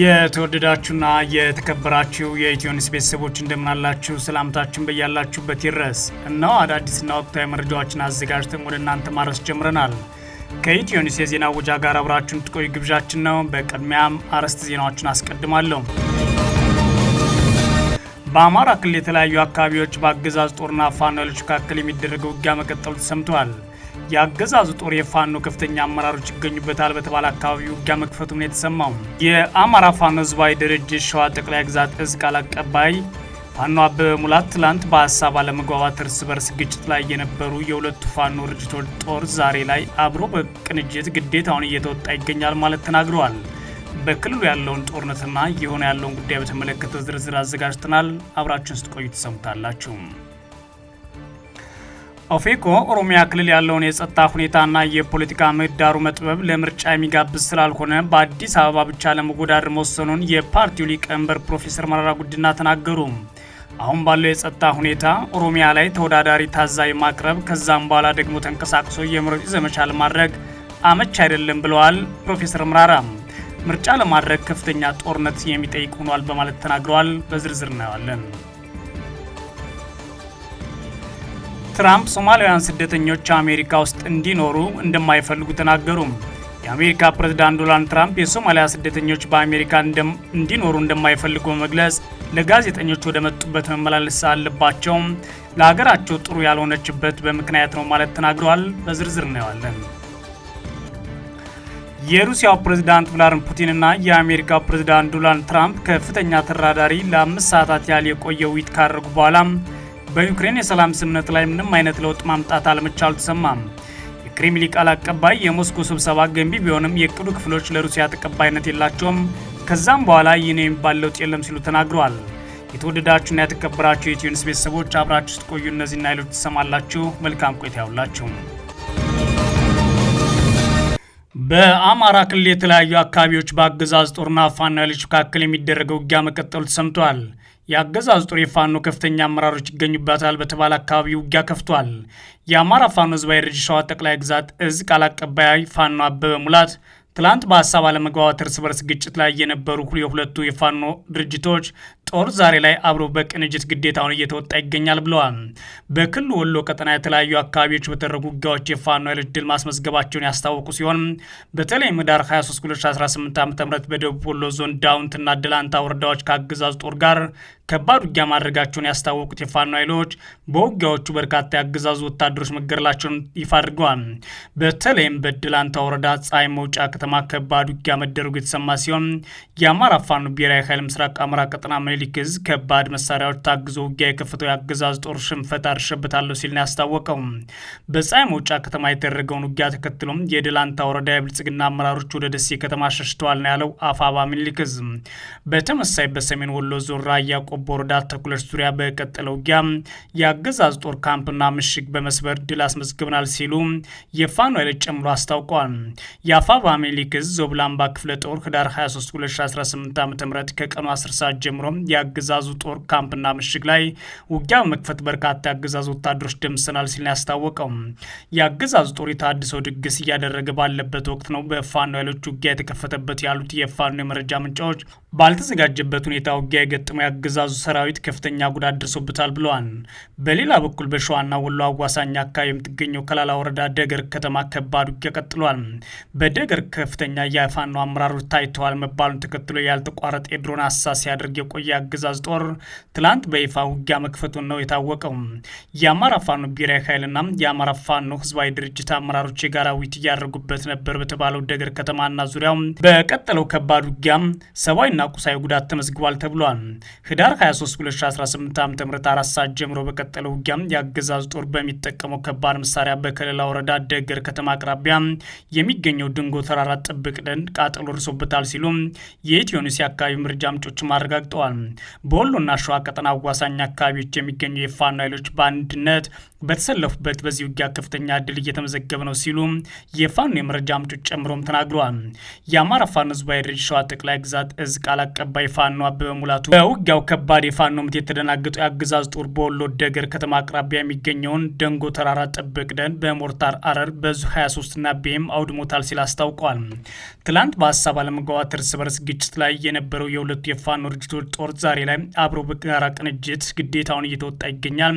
የተወደዳችሁና የተከበራችሁ የኢትዮኒስ ቤተሰቦች እንደምናላችሁ ሰላምታችን በያላችሁበት ይድረስ። እነሆ አዳዲስና ወቅታዊ መረጃዎችን አዘጋጅተን ወደ እናንተ ማድረስ ጀምረናል። ከኢትዮ የዜና ውጃ ጋር አብራችሁን ጥቆዩ ግብዣችን ነው። በቅድሚያም አርዕስተ ዜናዎችን አስቀድማለሁ። በአማራ ክልል የተለያዩ አካባቢዎች በአገዛዝ ጦርና ፋኖዎች መካከል የሚደረገው ውጊያ መቀጠሉ ተሰምተዋል። የአገዛዙ ጦር የፋኖ ከፍተኛ አመራሮች ይገኙበታል በተባለ አካባቢ ውጊያ መክፈቱም ነው የተሰማው። የአማራ ፋኖ ህዝባዊ ድርጅት ሸዋ ጠቅላይ ግዛት እዝ ቃል አቀባይ ፋኖ አበበ ሙላት ትላንት በሀሳብ አለመግባባት እርስ በርስ ግጭት ላይ የነበሩ የሁለቱ ፋኖ ድርጅቶች ጦር ዛሬ ላይ አብሮ በቅንጅት ግዴታውን እየተወጣ ይገኛል ማለት ተናግረዋል። በክልሉ ያለውን ጦርነትና እየሆነ ያለውን ጉዳይ በተመለከተ ዝርዝር አዘጋጅተናል። አብራችን ስትቆዩ ትሰሙታላችሁ። ኦፌኮ ኦሮሚያ ክልል ያለውን የጸጥታ ሁኔታና የፖለቲካ ምህዳሩ መጥበብ ለምርጫ የሚጋብዝ ስላልሆነ በአዲስ አበባ ብቻ ለመወዳደር መወሰኑን የፓርቲው ሊቀመንበር ፕሮፌሰር መረራ ጉዲና ተናገሩ። አሁን ባለው የጸጥታ ሁኔታ ኦሮሚያ ላይ ተወዳዳሪ ታዛይ ማቅረብ ከዛም በኋላ ደግሞ ተንቀሳቅሶ የምረጡኝ ዘመቻ ለማድረግ አመች አይደለም ብለዋል። ፕሮፌሰር መረራ ምርጫ ለማድረግ ከፍተኛ ጦርነት የሚጠይቅ ሆኗል በማለት ተናግረዋል። በዝርዝር እናየዋለን። ትራምፕ ሶማሊያውያን ስደተኞች አሜሪካ ውስጥ እንዲኖሩ እንደማይፈልጉ ተናገሩ። የአሜሪካ ፕሬዝዳንት ዶናልድ ትራምፕ የሶማሊያ ስደተኞች በአሜሪካ እንዲኖሩ እንደማይፈልጉ በመግለጽ ለጋዜጠኞች ወደ መጡበት መመላለስ አለባቸው፣ ለሀገራቸው ጥሩ ያልሆነችበት በምክንያት ነው ማለት ተናግረዋል። በዝርዝር እናየዋለን። የሩሲያው ፕሬዝዳንት ቭላድሚር ፑቲንና የአሜሪካው ፕሬዝዳንት ዶናልድ ትራምፕ ከፍተኛ ተራዳሪ ለአምስት ሰዓታት ያህል የቆየ ውይይት ካደረጉ በኋላ በዩክሬን የሰላም ስምምነት ላይ ምንም አይነት ለውጥ ማምጣት አለመቻሉ ተሰማም። የክሬምሊ ቃል አቀባይ የሞስኮ ስብሰባ ገንቢ ቢሆንም የእቅዱ ክፍሎች ለሩሲያ ተቀባይነት የላቸውም፣ ከዛም በኋላ ይህ ነው የሚባል ለውጥ የለም ሲሉ ተናግረዋል። የተወደዳችሁና የተከበራችሁ የኢትዮኒውስ ቤተሰቦች አብራችሁ ስትቆዩ እነዚህና ይሎች ትሰማላችሁ። መልካም ቆይታ ያውላችሁ። በአማራ ክልል የተለያዩ አካባቢዎች በአገዛዝ ጦርና ፋኖ ኃይሎች መካከል የሚደረገው ውጊያ መቀጠሉ ተሰምቷል። የአገዛዙ ጦር የፋኖ ከፍተኛ አመራሮች ይገኙበታል በተባለ አካባቢ ውጊያ ከፍቷል። የአማራ ፋኖ ህዝባዊ ድርጅት ሸዋ ጠቅላይ ግዛት እዝ ቃል አቀባይ ፋኖ አበበ ሙላት ትላንት በሀሳብ አለመግባባት እርስ በርስ ግጭት ላይ የነበሩ የሁለቱ የፋኖ ድርጅቶች ጦር ዛሬ ላይ አብሮ በቅንጅት ግዴታውን እየተወጣ ይገኛል ብለዋል። በክልሉ ወሎ ቀጠና የተለያዩ አካባቢዎች በተደረጉ ውጊያዎች የፋኖ ኃይሎች ድል ማስመዝገባቸውን ያስታወቁ ሲሆን በተለይም ህዳር 23 2018 ዓ ም በደቡብ ወሎ ዞን ዳውንትና ደላንታ ወረዳዎች ከአገዛዙ ጦር ጋር ከባድ ውጊያ ማድረጋቸውን ያስታወቁት የፋኖ ኃይሎች በውጊያዎቹ በርካታ የአገዛዙ ወታደሮች መገደላቸውን ይፋ አድርገዋል። በተለይም በደላንታ ወረዳ ፀሐይ መውጫ ከተማ ከባድ ውጊያ መደረጉ የተሰማ ሲሆን የአማራ ፋኖ ብሔራዊ ኃይል ምስራቅ አማራ ቀጠና ምኒልክ እዝ ከባድ መሳሪያዎች ታግዞ ውጊያ የከፈተው የአገዛዝ ጦር ሽንፈት አርሸበታለሁ ሲል ነው ያስታወቀው። በፀሐይ መውጫ ከተማ የተደረገውን ውጊያ ተከትሎም የደላንታ ወረዳ የብልጽግና አመራሮች ወደ ደሴ ከተማ ሸሽተዋል ነው ያለው አፋባ ምኒልክ እዝ። በተመሳይ በሰሜን ወሎ ዞን ራያ ቆቦ ወረዳ ተኩለሽ ዙሪያ በቀጠለ ውጊያ የአገዛዝ ጦር ካምፕና ምሽግ በመስበር ድል አስመዝግብናል ሲሉ የፋኖ ኃይሎች ጨምሮ አስታውቀዋል። የአፋባ ምኒልክ እዝ ዞብላምባ ክፍለ ጦር ህዳር 23 2018 ዓ ም ከቀኑ 10 ሰዓት ጀምሮ የአገዛዙ ጦር ካምፕና ምሽግ ላይ ውጊያ በመክፈት በርካታ የአገዛዙ ወታደሮች ደምሰናል ሲል ያስታወቀው የአገዛዙ ጦር የታድሰው ድግስ እያደረገ ባለበት ወቅት ነው በፋኖ ኃይሎች ውጊያ የተከፈተበት ያሉት የፋኖ የመረጃ ምንጫዎች ባልተዘጋጀበት ሁኔታ ውጊያ የገጠመው የአገዛዙ ሰራዊት ከፍተኛ ጉዳት ደርሶበታል ብለዋል። በሌላ በኩል በሸዋና ወሎ አዋሳኝ አካባቢ የምትገኘው ከላላ ወረዳ ደገር ከተማ ከባድ ውጊያ ቀጥሏል። በደገር ከፍተኛ የፋኖ አመራሮች ታይተዋል መባሉን ተከትሎ ያልተቋረጠ የድሮን አሳ ሲያደርግ የቆየ የአገዛዝ ጦር ትላንት በይፋ ውጊያ መክፈቱን ነው የታወቀው። የአማራ ፋኖ ብሔራዊ ኃይልና የአማራ ፋኖ ህዝባዊ ድርጅት አመራሮች የጋራ ውይይት እያደረጉበት ነበር በተባለው ደገር ከተማና ዙሪያው በቀጠለው ከባድ ውጊያ ሰብአዊና ቁሳዊ ጉዳት ተመዝግቧል ተብሏል። ህዳር 23 2018 ዓ ም አራት ሰዓት ጀምሮ በቀጠለው ውጊያ የአገዛዝ ጦር በሚጠቀመው ከባድ መሳሪያ በከለላ ወረዳ ደገር ከተማ አቅራቢያ የሚገኘው ድንጎ ተራራ ጥብቅ ደን ቃጠሎ ደርሶበታል ሲሉ የኢትዮኒስ የአካባቢ መረጃ ምንጮችም አረጋግጠዋል። በወሎና ሸዋ ቀጠና አዋሳኝ አካባቢዎች የሚገኙ የፋኖ ኃይሎች በአንድነት በተሰለፉበት በዚህ ውጊያ ከፍተኛ ድል እየተመዘገበ ነው ሲሉ የፋኖ የመረጃ ምንጮች ጨምሮም ተናግረዋል። የአማራ ፋኖ ህዝባዊ ድርጅት ሸዋ ጠቅላይ ግዛት እዝ ቃል አቀባይ ፋኖ አበበ ሙላቱ በውጊያው ከባድ የፋኖ ምት የተደናገጡ የአገዛዝ ጦር በወሎ ደገር ከተማ አቅራቢያ የሚገኘውን ደንጎ ተራራ ደን በሞርታር አረር በዙ 23ና ቤም አውድሞታል ሲል አስታውቋል። ትላንት በሀሳብ አለመግባባት እርስ በርስ ግጭት ላይ የነበረው የሁለቱ የፋኖ ድርጅቶች ጦር አገሮች ዛሬ ላይ አብሮ በጋራ ቅንጅት ግዴታውን እየተወጣ ይገኛል።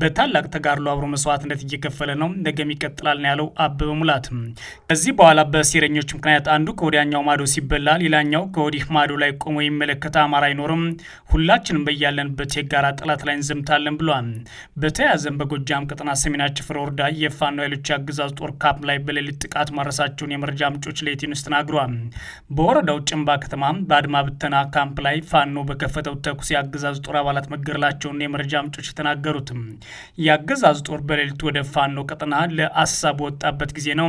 በታላቅ ተጋድሎ አብሮ መስዋዕትነት እየከፈለ ነው፣ ነገም ይቀጥላል ነው ያለው አበበ ሙላት። ከዚህ በኋላ በሴረኞች ምክንያት አንዱ ከወዲያኛው ማዶ ሲበላ ሌላኛው ከወዲህ ማዶ ላይ ቆሞ የሚመለከት አማራ አይኖርም፣ ሁላችንም በያለንበት የጋራ ጠላት ላይ እንዘምታለን ብሏል። በተያያዘም በጎጃም ቀጠና ሰሜና አቸፈር ወረዳ የፋኖ ኃይሎች የአገዛዙ ጦር ካምፕ ላይ በሌሊት ጥቃት ማድረሳቸውን የመረጃ ምንጮች ለኢትዮ ኒውስ ተናግረዋል። በወረዳው ጭንባ ከተማ በአድማ ብተና ካምፕ ላይ ፋኖ በከ በከፈተው ተኩስ የአገዛዙ ጦር አባላት መገደላቸውን የመረጃ ምንጮች የተናገሩት የአገዛዙ ጦር በሌሊቱ ወደ ፋኖ ቀጠና ለአሳ በወጣበት ጊዜ ነው።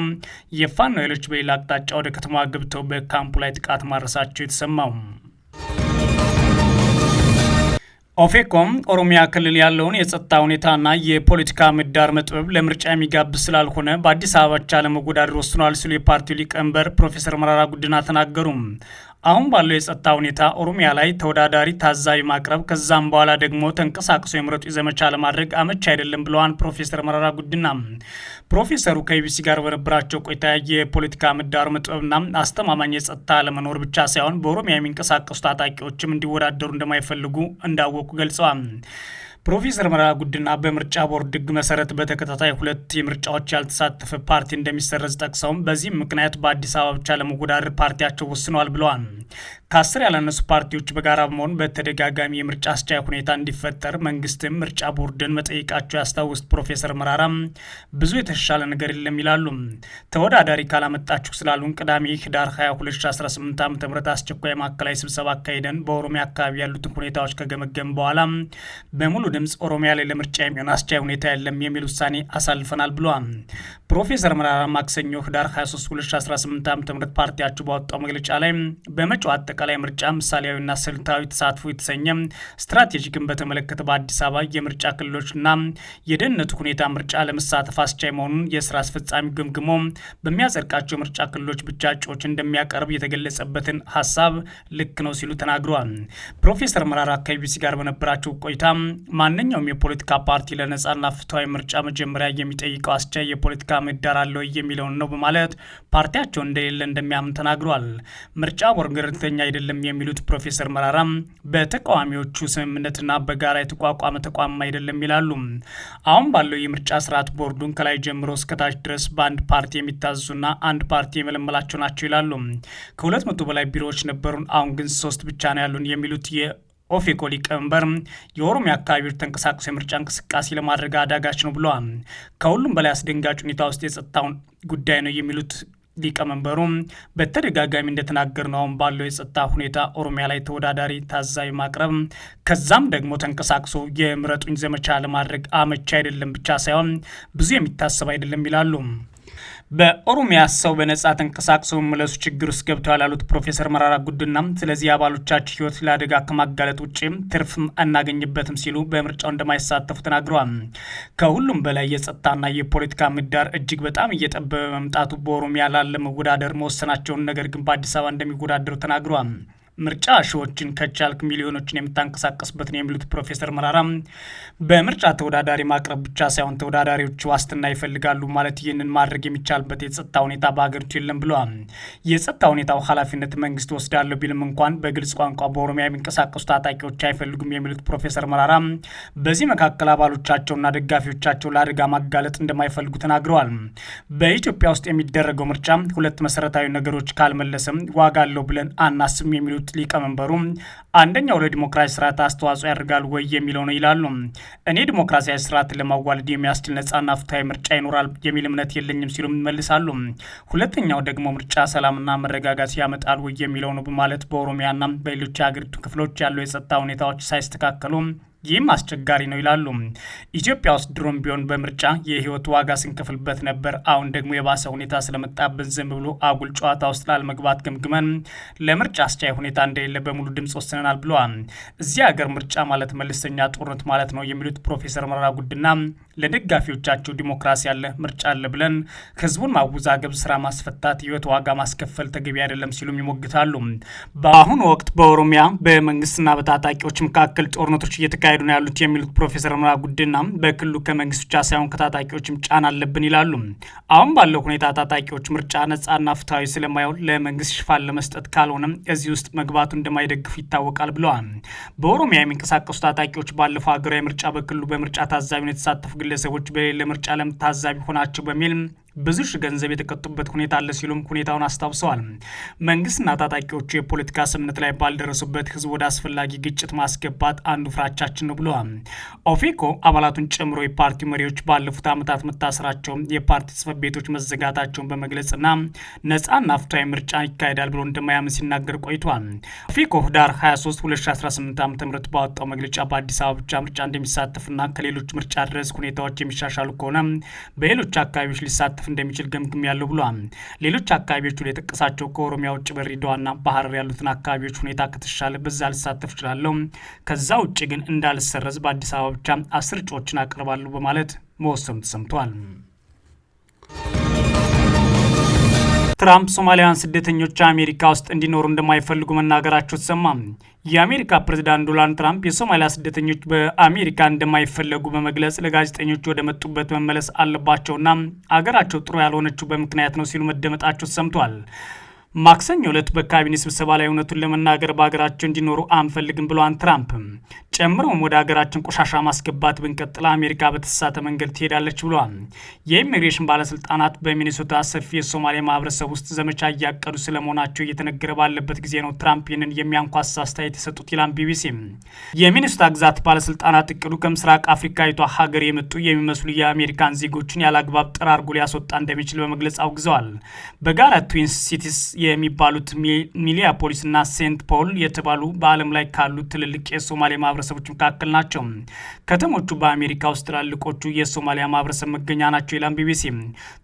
የፋኖ ኃይሎች በሌላ አቅጣጫ ወደ ከተማ ገብተው በካምፑ ላይ ጥቃት ማድረሳቸው የተሰማው። ኦፌኮም ኦሮሚያ ክልል ያለውን የጸጥታ ሁኔታና የፖለቲካ ምህዳር መጥበብ ለምርጫ የሚጋብዝ ስላልሆነ በአዲስ አበባ ብቻ ለመወዳደር ወስኗል ሲሉ የፓርቲው ሊቀመንበር ፕሮፌሰር መራራ ጉድና ተናገሩ። አሁን ባለው የጸጥታ ሁኔታ ኦሮሚያ ላይ ተወዳዳሪ ታዛቢ ማቅረብ ከዛም በኋላ ደግሞ ተንቀሳቅሶ የምረጡ ዘመቻ ለማድረግ አመች አይደለም ብለዋል ፕሮፌሰር መረራ ጉድና ፕሮፌሰሩ ከኢቢሲ ጋር በነበራቸው ቆይታ የፖለቲካ ምህዳሩ መጥበብና አስተማማኝ የጸጥታ ለመኖር ብቻ ሳይሆን በኦሮሚያ የሚንቀሳቀሱ ታጣቂዎችም እንዲወዳደሩ እንደማይፈልጉ እንዳወቁ ገልጸዋል። ፕሮፌሰር መረራ ጉዲና በምርጫ ቦርድ ሕግ መሰረት በተከታታይ ሁለት የምርጫዎች ያልተሳተፈ ፓርቲ እንደሚሰረዝ ጠቅሰውም በዚህም ምክንያት በአዲስ አበባ ብቻ ለመወዳደር ፓርቲያቸው ወስኗል ብለዋል። ከአስር ያላነሱ ፓርቲዎች በጋራ በመሆን በተደጋጋሚ የምርጫ አስቻይ ሁኔታ እንዲፈጠር መንግስትም ምርጫ ቦርድን መጠየቃቸው ያስታውስት ፕሮፌሰር መረራም ብዙ የተሻለ ነገር የለም ይላሉ። ተወዳዳሪ ካላመጣችሁ ስላሉን ቅዳሜ ህዳር 22/2018 ዓ አስቸኳይ ማዕከላዊ ስብሰባ አካሂደን በኦሮሚያ አካባቢ ያሉትን ሁኔታዎች ከገመገም በኋላ በሙሉ ድምፅ ኦሮሚያ ላይ ለምርጫ የሚሆን አስቻይ ሁኔታ የለም የሚል ውሳኔ አሳልፈናል ብሏል። ፕሮፌሰር መራራ ማክሰኞ ህዳር 23 2018 ዓ ም ፓርቲያቸው ባወጣው መግለጫ ላይ በመጪው አጠቃላይ ምርጫ ምሳሌያዊና ስልታዊ ተሳትፎ የተሰኘ ስትራቴጂክን በተመለከተ በአዲስ አበባ የምርጫ ክልሎችና የደህንነቱ ሁኔታ ምርጫ ለመሳተፍ አስቻይ መሆኑን የስራ አስፈጻሚ ገምግሞ በሚያጸድቃቸው የምርጫ ክልሎች ብቻ እጩዎች እንደሚያቀርብ የተገለጸበትን ሀሳብ ልክ ነው ሲሉ ተናግረዋል። ፕሮፌሰር መራራ ከቢቢሲ ጋር በነበራቸው ቆይታ ማንኛውም የፖለቲካ ፓርቲ ለነጻና ፍትሐዊ ምርጫ መጀመሪያ የሚጠይቀው አስቻይ የፖለቲካ እዳራለሁ የሚለውን ነው በማለት ፓርቲያቸው እንደሌለ እንደሚያምን ተናግሯል። ምርጫ ቦርድ ገለልተኛ አይደለም የሚሉት ፕሮፌሰር መራራም በተቃዋሚዎቹ ስምምነትና በጋራ የተቋቋመ ተቋም አይደለም ይላሉ። አሁን ባለው የምርጫ ስርዓት ቦርዱን ከላይ ጀምሮ እስከታች ድረስ በአንድ ፓርቲ የሚታዘዙና አንድ ፓርቲ የመለመላቸው ናቸው ይላሉ። ከሁለት መቶ በላይ ቢሮዎች ነበሩን፣ አሁን ግን ሶስት ብቻ ነው ያሉን የሚሉት ኦፌኮ ሊቀመንበር የኦሮሚያ አካባቢዎች ተንቀሳቅሶ የምርጫ እንቅስቃሴ ለማድረግ አዳጋች ነው ብለዋል። ከሁሉም በላይ አስደንጋጭ ሁኔታ ውስጥ የጸጥታውን ጉዳይ ነው የሚሉት ሊቀመንበሩ በተደጋጋሚ እንደተናገር ነው አሁን ባለው የጸጥታ ሁኔታ ኦሮሚያ ላይ ተወዳዳሪ ታዛቢ ማቅረብ ከዛም ደግሞ ተንቀሳቅሶ የምረጡኝ ዘመቻ ለማድረግ አመቻ አይደለም ብቻ ሳይሆን ብዙ የሚታሰብ አይደለም ይላሉ። በኦሮሚያ ሰው በነጻ ተንቀሳቅሶ መመለሱ ችግር ውስጥ ገብተዋል ያሉት ፕሮፌሰር መራራ ጉድና ስለዚህ የአባሎቻችን ህይወት ለአደጋ ከማጋለጥ ውጭ ትርፍ አናገኝበትም ሲሉ በምርጫው እንደማይሳተፉ ተናግረዋል። ከሁሉም በላይ የጸጥታና የፖለቲካ ምህዳር እጅግ በጣም እየጠበበ መምጣቱ በኦሮሚያ መወዳደር መወሰናቸውን ነገር ግን በአዲስ አበባ እንደሚወዳደሩ ተናግረዋል። ምርጫ ሺዎችን ከቻልክ ሚሊዮኖችን የምታንቀሳቀስበት ነው የሚሉት ፕሮፌሰር መራራ በምርጫ ተወዳዳሪ ማቅረብ ብቻ ሳይሆን ተወዳዳሪዎች ዋስትና ይፈልጋሉ ማለት ይህንን ማድረግ የሚቻልበት የጸጥታ ሁኔታ በሀገሪቱ የለም ብለዋል። የጸጥታ ሁኔታው ኃላፊነት መንግስት ወስዳለሁ ቢልም እንኳን በግልጽ ቋንቋ በኦሮሚያ የሚንቀሳቀሱ ታጣቂዎች አይፈልጉም የሚሉት ፕሮፌሰር መራራ በዚህ መካከል አባሎቻቸውና ደጋፊዎቻቸው ለአደጋ ማጋለጥ እንደማይፈልጉ ተናግረዋል። በኢትዮጵያ ውስጥ የሚደረገው ምርጫ ሁለት መሰረታዊ ነገሮች ካልመለሰም ዋጋ አለው ብለን አናስብም የሚሉት የሚሉት ሊቀመንበሩ አንደኛው ለዲሞክራሲ ስርዓት አስተዋጽኦ ያደርጋል ወይ የሚለው ነው ይላሉ። እኔ ዲሞክራሲያዊ ስርዓትን ለማዋለድ የሚያስችል ነጻና ፍትሐዊ ምርጫ ይኖራል የሚል እምነት የለኝም ሲሉም ይመልሳሉ። ሁለተኛው ደግሞ ምርጫ ሰላምና መረጋጋት ያመጣል ወይ የሚለው ነው በማለት በኦሮሚያና በሌሎች የሀገሪቱ ክፍሎች ያለው የጸጥታ ሁኔታዎች ሳይስተካከሉ ይህም አስቸጋሪ ነው ይላሉ። ኢትዮጵያ ውስጥ ድሮም ቢሆን በምርጫ የህይወት ዋጋ ስንከፍልበት ነበር። አሁን ደግሞ የባሰ ሁኔታ ስለመጣብን ዝም ብሎ አጉል ጨዋታ ውስጥ ላለመግባት ገምግመን ለምርጫ አስቻይ ሁኔታ እንደሌለ በሙሉ ድምፅ ወስነናል ብለዋል። እዚህ ሀገር ምርጫ ማለት መለስተኛ ጦርነት ማለት ነው የሚሉት ፕሮፌሰር መረራ ጉድና ለደጋፊዎቻቸው ዲሞክራሲ ያለ ምርጫ አለ ብለን ህዝቡን ማወዛገብ፣ ስራ ማስፈታት፣ ህይወት ዋጋ ማስከፈል ተገቢ አይደለም ሲሉም ይሞግታሉ። በአሁኑ ወቅት በኦሮሚያ በመንግስትና በታጣቂዎች መካከል ጦርነቶች እየተካሄዱ እየተካሄዱ ነው ያሉት የሚሉት ፕሮፌሰር መረራ ጉድና በክልሉ ከመንግስት ብቻ ሳይሆን ከታጣቂዎችም ጫና አለብን ይላሉ። አሁን ባለው ሁኔታ ታጣቂዎች ምርጫ ነጻና ፍትሐዊ ስለማይሆን ለመንግስት ሽፋን ለመስጠት ካልሆነም እዚህ ውስጥ መግባቱ እንደማይደግፉ ይታወቃል ብለዋል። በኦሮሚያ የሚንቀሳቀሱ ታጣቂዎች ባለፈው ሀገራዊ ምርጫ በክልሉ በምርጫ ታዛቢነት የተሳተፉ ግለሰቦች በሌለ ምርጫ ለምታዛቢ ሆናቸው በሚል ብዙ ሺህ ገንዘብ የተቀጡበት ሁኔታ አለ ሲሉም ሁኔታውን አስታውሰዋል። መንግስትና ታጣቂዎቹ የፖለቲካ ስምምነት ላይ ባልደረሱበት ህዝብ ወደ አስፈላጊ ግጭት ማስገባት አንዱ ፍራቻችን ነው ብለዋል። ኦፌኮ አባላቱን ጨምሮ የፓርቲው መሪዎች ባለፉት ዓመታት መታሰራቸው የፓርቲ ጽህፈት ቤቶች መዘጋታቸውን በመግለጽና ነጻና ፍትሐዊ ምርጫ ይካሄዳል ብሎ እንደማያምን ሲናገር ቆይቷል። ኦፌኮ ህዳር 23 2018 ዓ ም ባወጣው መግለጫ በአዲስ አበባ ብቻ ምርጫ እንደሚሳተፍና ከሌሎች ምርጫ ድረስ ሁኔታዎች የሚሻሻሉ ከሆነ በሌሎች አካባቢዎች ሊሳተፍ ሊያልፍ እንደሚችል ገምግም ያለው ብሏል። ሌሎች አካባቢዎች ላይ የጠቀሳቸው ከኦሮሚያ ውጭ በድሬዳዋና ባህር ያሉትን አካባቢዎች ሁኔታ ከተሻለ በዛ ልሳተፍ እችላለሁ፣ ከዛ ውጭ ግን እንዳልሰረዝ በአዲስ አበባ ብቻ አስር እጩዎችን አቅርባለሁ በማለት መወሰኑ ተሰምቷል። ትራምፕ ሶማሊያውያን ስደተኞች አሜሪካ ውስጥ እንዲኖሩ እንደማይፈልጉ መናገራቸው ተሰማ። የአሜሪካ ፕሬዝዳንት ዶናልድ ትራምፕ የሶማሊያ ስደተኞች በአሜሪካ እንደማይፈለጉ በመግለጽ ለጋዜጠኞች ወደ መጡበት መመለስ አለባቸውና አገራቸው ጥሩ ያልሆነችው በምክንያት ነው ሲሉ መደመጣቸው ተሰምቷል። ማክሰኞ ዕለት በካቢኔ ስብሰባ ላይ እውነቱን ለመናገር በሀገራቸው እንዲኖሩ አንፈልግም ብሏን ትራምፕ ጨምረውም ወደ ሀገራችን ቆሻሻ ማስገባት ብንቀጥል አሜሪካ በተሳሳተ መንገድ ትሄዳለች ብሏል። የኢሚግሬሽን ባለስልጣናት በሚኒሶታ ሰፊ የሶማሌ ማህበረሰብ ውስጥ ዘመቻ እያቀዱ ስለመሆናቸው እየተነገረ ባለበት ጊዜ ነው ትራምፕ ይህንን የሚያንኳሳ አስተያየት የሰጡት ይላል ቢቢሲ። የሚኒሶታ ግዛት ባለስልጣናት እቅዱ ከምስራቅ አፍሪካዊቷ ሀገር የመጡ የሚመስሉ የአሜሪካን ዜጎችን ያለአግባብ ጠራርጎ ሊያስወጣ እንደሚችል በመግለጽ አውግዘዋል። በጋራ ትዊን ሲቲስ የሚባሉት ሚኒያፖሊስና ሴንት ፖል የተባሉ በዓለም ላይ ካሉት ትልልቅ የሶማሌ ማህበረሰብ ማህበረሰቦች መካከል ናቸው። ከተሞቹ በአሜሪካ ውስጥ ትላልቆቹ የሶማሊያ ማህበረሰብ መገኛ ናቸው ይላል ቢቢሲ።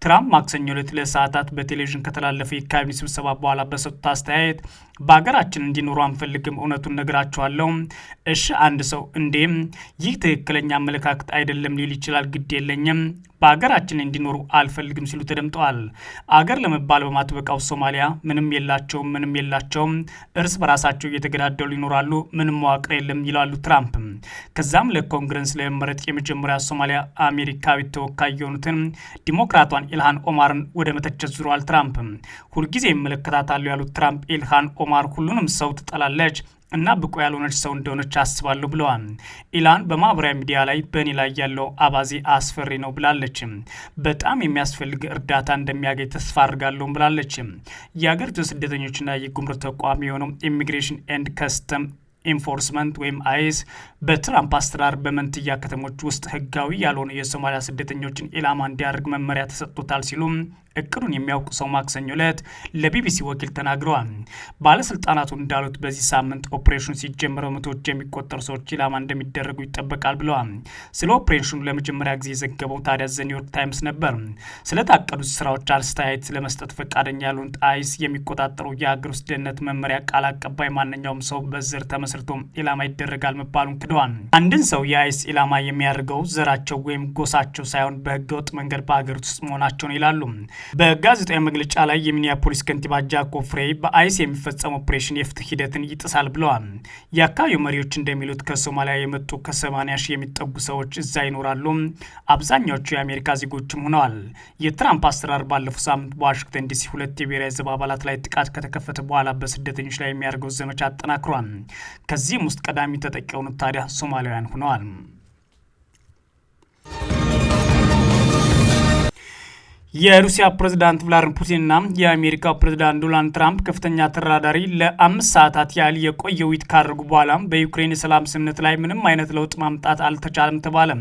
ትራምፕ ማክሰኞ ዕለት ለሰዓታት በቴሌቪዥን ከተላለፈ የካቢኔ ስብሰባ በኋላ በሰጡት አስተያየት በሀገራችን እንዲኖሩ አንፈልግም፣ እውነቱን ነግራችኋለሁ። እሺ አንድ ሰው እንዴም ይህ ትክክለኛ አመለካከት አይደለም ሊል ይችላል። ግድ የለኝም በሀገራችን እንዲኖሩ አልፈልግም ሲሉ ተደምጠዋል። አገር ለመባል በማትበቃው ሶማሊያ ምንም የላቸውም፣ ምንም የላቸውም፣ እርስ በራሳቸው እየተገዳደሉ ይኖራሉ፣ ምንም መዋቅር የለም ይላሉ ትራምፕ ከዛም ለኮንግረስ ለመመረጥ የመጀመሪያ ሶማሊያ አሜሪካዊ ተወካይ የሆኑትን ዲሞክራቷን ኢልሃን ኦማርን ወደ መተቸት ዙረዋል። ትራምፕ ሁልጊዜ ይመለከታታሉ ያሉት ትራምፕ ኢልሃን ኦማር ሁሉንም ሰው ትጠላለች እና ብቁ ያልሆነች ሰው እንደሆነች አስባለሁ ብለዋል። ኢላን በማህበራዊ ሚዲያ ላይ በእኔ ላይ ያለው አባዜ አስፈሪ ነው ብላለች። በጣም የሚያስፈልግ እርዳታ እንደሚያገኝ ተስፋ አድርጋለሁም ብላለች። የአገሪቱ ስደተኞችና የጉምሩክ ተቋም የሆነው ኢሚግሬሽን ኤንድ ከስተም ኢንፎርስመንት ወይም አይስ በትራምፕ አስተራር በመንትያ ከተሞች ውስጥ ህጋዊ ያልሆኑ የሶማሊያ ስደተኞችን ኢላማ እንዲያደርግ መመሪያ ተሰጥቶታል ሲሉም እቅዱን የሚያውቁ ሰው ማክሰኞ ዕለት ለቢቢሲ ወኪል ተናግረዋል። ባለስልጣናቱ እንዳሉት በዚህ ሳምንት ኦፕሬሽኑ ሲጀመር መቶዎች የሚቆጠሩ ሰዎች ኢላማ እንደሚደረጉ ይጠበቃል ብለዋል። ስለ ኦፕሬሽኑ ለመጀመሪያ ጊዜ የዘገበው ታዲያ ዘ ኒውዮርክ ታይምስ ነበር። ስለታቀዱት ስራዎች አስተያየት ለመስጠት ፈቃደኛ ያሉን አይስ የሚቆጣጠረው የሀገር ውስጥ ደህንነት መመሪያ ቃል አቀባይ ማንኛውም ሰው በዘር ተመስርቶ ኢላማ ይደረጋል መባሉን ክደዋል። አንድን ሰው የአይስ ኢላማ የሚያደርገው ዘራቸው ወይም ጎሳቸው ሳይሆን በህገወጥ መንገድ በሀገር ውስጥ መሆናቸውን ይላሉ። በጋዜጣዊ መግለጫ ላይ የሚኒያፖሊስ ከንቲባ ጃኮ ፍሬይ በአይስ የሚፈጸም ኦፕሬሽን የፍትህ ሂደትን ይጥሳል ብለዋል። የአካባቢው መሪዎች እንደሚሉት ከሶማሊያ የመጡ ከ80 ሺህ የሚጠጉ ሰዎች እዛ ይኖራሉ። አብዛኛዎቹ የአሜሪካ ዜጎችም ሆነዋል። የትራምፕ አሰራር ባለፈው ሳምንት በዋሽንግተን ዲሲ ሁለት የብሔራዊ ዘብ አባላት ላይ ጥቃት ከተከፈተ በኋላ በስደተኞች ላይ የሚያደርገው ዘመቻ አጠናክሯል። ከዚህም ውስጥ ቀዳሚ ተጠቂ የሆኑት ታዲያ ሶማሊያውያን ሆነዋል። የሩሲያ ፕሬዝዳንት ቭላድሚር ፑቲንና የአሜሪካ ፕሬዝዳንት ዶናልድ ትራምፕ ከፍተኛ ተራዳሪ ለአምስት ሰዓታት ያህል የቆየ ውይይት ካደረጉ በኋላ በዩክሬን የሰላም ስምምነት ላይ ምንም አይነት ለውጥ ማምጣት አልተቻለም ተባለ።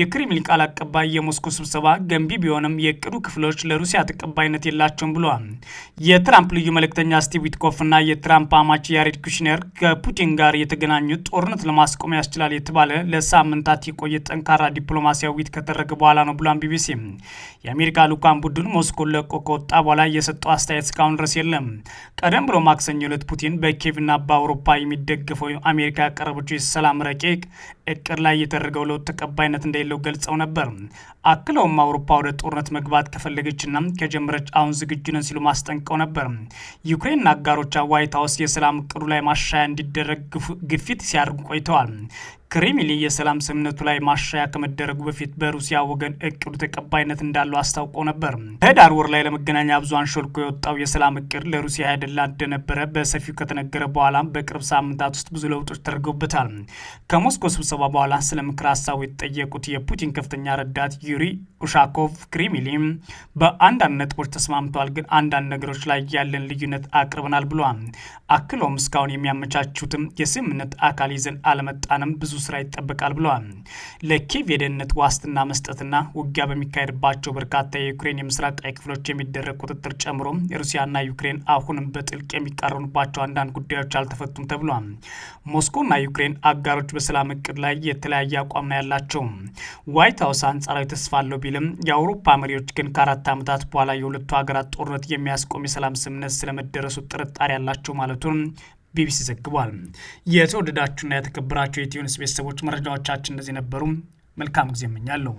የክሬምሊን ቃል አቀባይ የሞስኮ ስብሰባ ገንቢ ቢሆንም የእቅዱ ክፍሎች ለሩሲያ ተቀባይነት የላቸውም ብሏል። የትራምፕ ልዩ መልእክተኛ ስቲቭ ዊትኮፍና የትራምፕ አማች ያሬድ ኩሽነር ከፑቲን ጋር የተገናኙት ጦርነት ለማስቆም ያስችላል የተባለ ለሳምንታት የቆየ ጠንካራ ዲፕሎማሲያዊ ውይይት ከተደረገ በኋላ ነው ብሏል ቢቢሲ። ልዑካን ቡድን ሞስኮን ለቆ ከወጣ በኋላ የሰጠው አስተያየት እስካሁን ድረስ የለም። ቀደም ብሎ ማክሰኞ ዕለት ፑቲን በኬቭና በአውሮፓ የሚደገፈው አሜሪካ ያቀረበችው የሰላም ረቂቅ እቅድ ላይ የተደረገው ለውጥ ተቀባይነት እንደሌለው ገልጸው ነበር። አክለውም አውሮፓ ወደ ጦርነት መግባት ከፈለገችና ከጀመረች አሁን ዝግጁ ነን ሲሉ ማስጠንቀው ነበር። ዩክሬንና አጋሮቿ ዋይት ሀውስ የሰላም እቅዱ ላይ ማሻያ እንዲደረግ ግፊት ሲያደርጉ ቆይተዋል። ክሬምሊን የሰላም ስምምነቱ ላይ ማሻያ ከመደረጉ በፊት በሩሲያ ወገን እቅዱ ተቀባይነት እንዳለው አስታውቆ ነበር። ህዳር ወር ላይ ለመገናኛ ብዙሃን ሾልኮ የወጣው የሰላም እቅድ ለሩሲያ ያደላ እንደነበረ በሰፊው ከተነገረ በኋላ በቅርብ ሳምንታት ውስጥ ብዙ ለውጦች ተደርገውበታል። ከሞስኮ ስብሰባ በኋላ ስለ ምክር ሀሳቡ የተጠየቁት የፑቲን ከፍተኛ ረዳት ዩሪ ኡሻኮቭ ክሬምሊ በአንዳንድ ነጥቦች ተስማምተዋል፣ ግን አንዳንድ ነገሮች ላይ ያለን ልዩነት አቅርበናል ብሏል። አክሎም እስካሁን የሚያመቻቹትም የስምምነት አካል ይዘን አለመጣንም ብዙ ስራ ይጠበቃል ብለዋል። ለኪቭ የደህንነት ዋስትና መስጠትና ውጊያ በሚካሄድባቸው በርካታ የዩክሬን የምስራቃዊ ክፍሎች የሚደረግ ቁጥጥር ጨምሮ ሩሲያና ዩክሬን አሁንም በጥልቅ የሚቃረኑባቸው አንዳንድ ጉዳዮች አልተፈቱም ተብሏል። ሞስኮና ዩክሬን አጋሮች በሰላም እቅድ ላይ የተለያየ አቋም ነው ያላቸው። ዋይት ሀውስ አንጻራዊ ተስፋ አለው ቢልም የአውሮፓ መሪዎች ግን ከአራት ዓመታት በኋላ የሁለቱ ሀገራት ጦርነት የሚያስቆም የሰላም ስምምነት ስለመደረሱ ጥርጣሬ ያላቸው ማለቱን ቢቢሲ ዘግቧል። የተወደዳችሁና የተከበራችሁ የኢትዮኒውስ ቤተሰቦች መረጃዎቻችን እንደዚህ ነበሩ። መልካም ጊዜ እመኛለሁ።